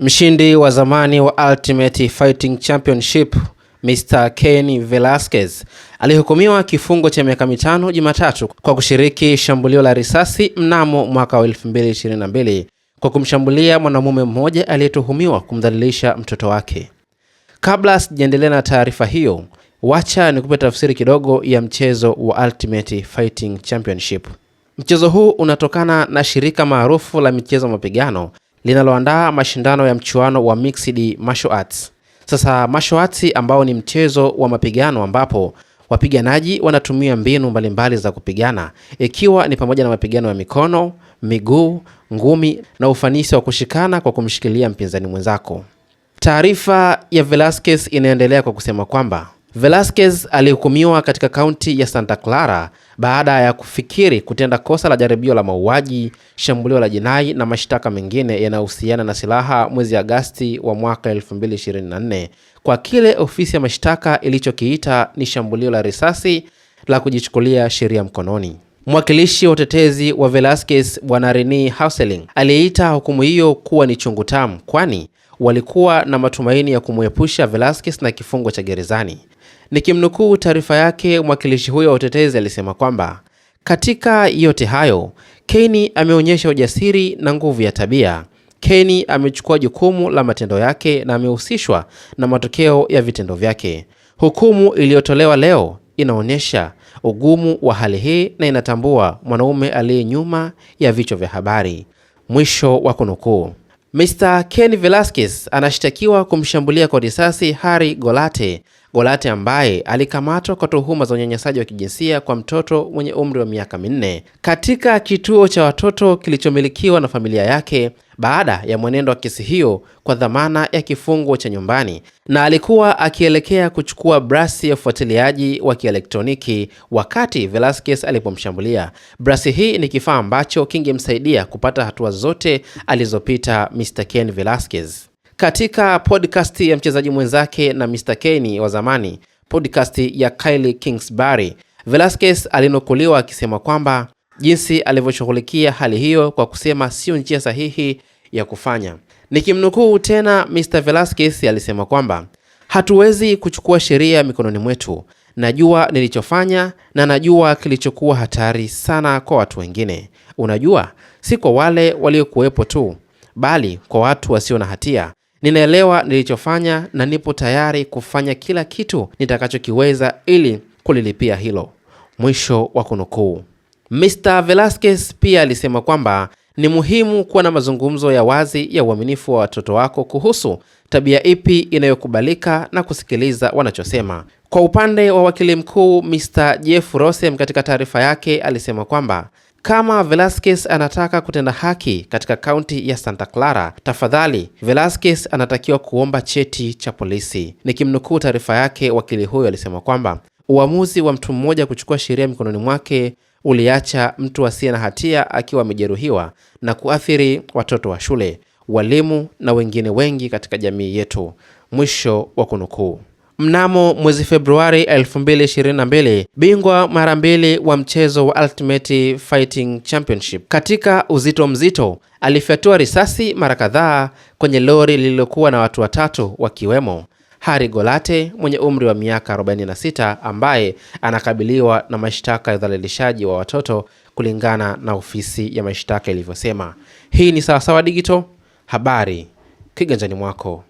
Mshindi wa zamani wa Ultimate Fighting Championship Mr. Cain Velasquez alihukumiwa kifungo cha miaka mitano Jumatatu kwa kushiriki shambulio la risasi mnamo mwaka wa 2022 kwa kumshambulia mwanamume mmoja aliyetuhumiwa kumdhalilisha mtoto wake. Kabla sijaendelea na taarifa hiyo, wacha nikupe tafsiri kidogo ya mchezo wa Ultimate Fighting Championship. Mchezo huu unatokana na shirika maarufu la michezo mapigano linaloandaa mashindano ya mchuano wa Mixed Martial Arts. Sasa Martial Arts ambao ni mchezo wa mapigano ambapo wapiganaji wanatumia mbinu mbalimbali za kupigana ikiwa ni pamoja na mapigano ya mikono, miguu, ngumi na ufanisi wa kushikana kwa kumshikilia mpinzani mwenzako. Taarifa ya Velasquez inaendelea kwa kusema kwamba Velasquez alihukumiwa katika kaunti ya Santa Clara baada ya kufikiri kutenda kosa la jaribio la mauaji, shambulio la jinai na mashtaka mengine yanayohusiana na silaha mwezi Agasti wa mwaka 2024 kwa kile ofisi ya mashtaka ilichokiita ni shambulio la risasi la kujichukulia sheria mkononi. Mwakilishi wa utetezi wa Velasquez Bwana Reni Hauseling aliyeita hukumu hiyo kuwa ni chungu tamu, kwani walikuwa na matumaini ya kumwepusha Velasquez na kifungo cha gerezani. Nikimnukuu taarifa yake, mwakilishi huyo wa utetezi alisema kwamba katika yote hayo, keni ameonyesha ujasiri na nguvu ya tabia. Keni amechukua jukumu la matendo yake na amehusishwa na matokeo ya vitendo vyake. Hukumu iliyotolewa leo inaonyesha ugumu wa hali hii na inatambua mwanaume aliye nyuma ya vichwa vya habari. Mwisho wa kunukuu. Mr. Ken Velasquez anashtakiwa kumshambulia kwa risasi Harry Golate Golate ambaye alikamatwa kwa tuhuma za unyanyasaji wa kijinsia kwa mtoto mwenye umri wa miaka minne katika kituo cha watoto kilichomilikiwa na familia yake baada ya mwenendo wa kesi hiyo kwa dhamana ya kifungo cha nyumbani, na alikuwa akielekea kuchukua brasi ya ufuatiliaji wa kielektroniki wakati Velasquez alipomshambulia. Brasi hii ni kifaa ambacho kingemsaidia kupata hatua zote alizopita Mr. Ken Velasquez. Katika podcast ya mchezaji mwenzake na Mr. keny wa zamani, podcast ya Kylie Kingsbury, Velasquez alinukuliwa akisema kwamba jinsi alivyoshughulikia hali hiyo kwa kusema sio njia sahihi ya kufanya. Nikimnukuu tena, Mr. Velasquez alisema kwamba hatuwezi kuchukua sheria mikononi mwetu. Najua nilichofanya na najua kilichokuwa hatari sana kwa watu wengine. Unajua, si kwa wale waliokuwepo tu, bali kwa watu wasio na hatia Ninaelewa nilichofanya na nipo tayari kufanya kila kitu nitakachokiweza ili kulilipia hilo. Mwisho wa kunukuu. Mr. Velasquez pia alisema kwamba ni muhimu kuwa na mazungumzo ya wazi ya uaminifu wa watoto wako kuhusu tabia ipi inayokubalika na kusikiliza wanachosema. Kwa upande wa wakili mkuu Mr. Jeff Rossem katika taarifa yake alisema kwamba kama Velasquez anataka kutenda haki katika kaunti ya Santa Clara, tafadhali Velasquez anatakiwa kuomba cheti cha polisi. Nikimnukuu taarifa yake, wakili huyo alisema kwamba uamuzi wa mtu mmoja kuchukua sheria mikononi mwake uliacha mtu asiye na hatia akiwa amejeruhiwa na kuathiri watoto wa shule, walimu na wengine wengi katika jamii yetu. Mwisho wa kunukuu mnamo mwezi Februari 2022, bingwa mara mbili wa mchezo wa Ultimate Fighting Championship katika uzito mzito alifyatua risasi mara kadhaa kwenye lori lililokuwa na watu watatu wakiwemo Harry Golate mwenye umri wa miaka 46 ambaye anakabiliwa na mashtaka ya udhalilishaji wa watoto kulingana na ofisi ya mashtaka ilivyosema. Hii ni Sawasawa Digital, habari kiganjani mwako.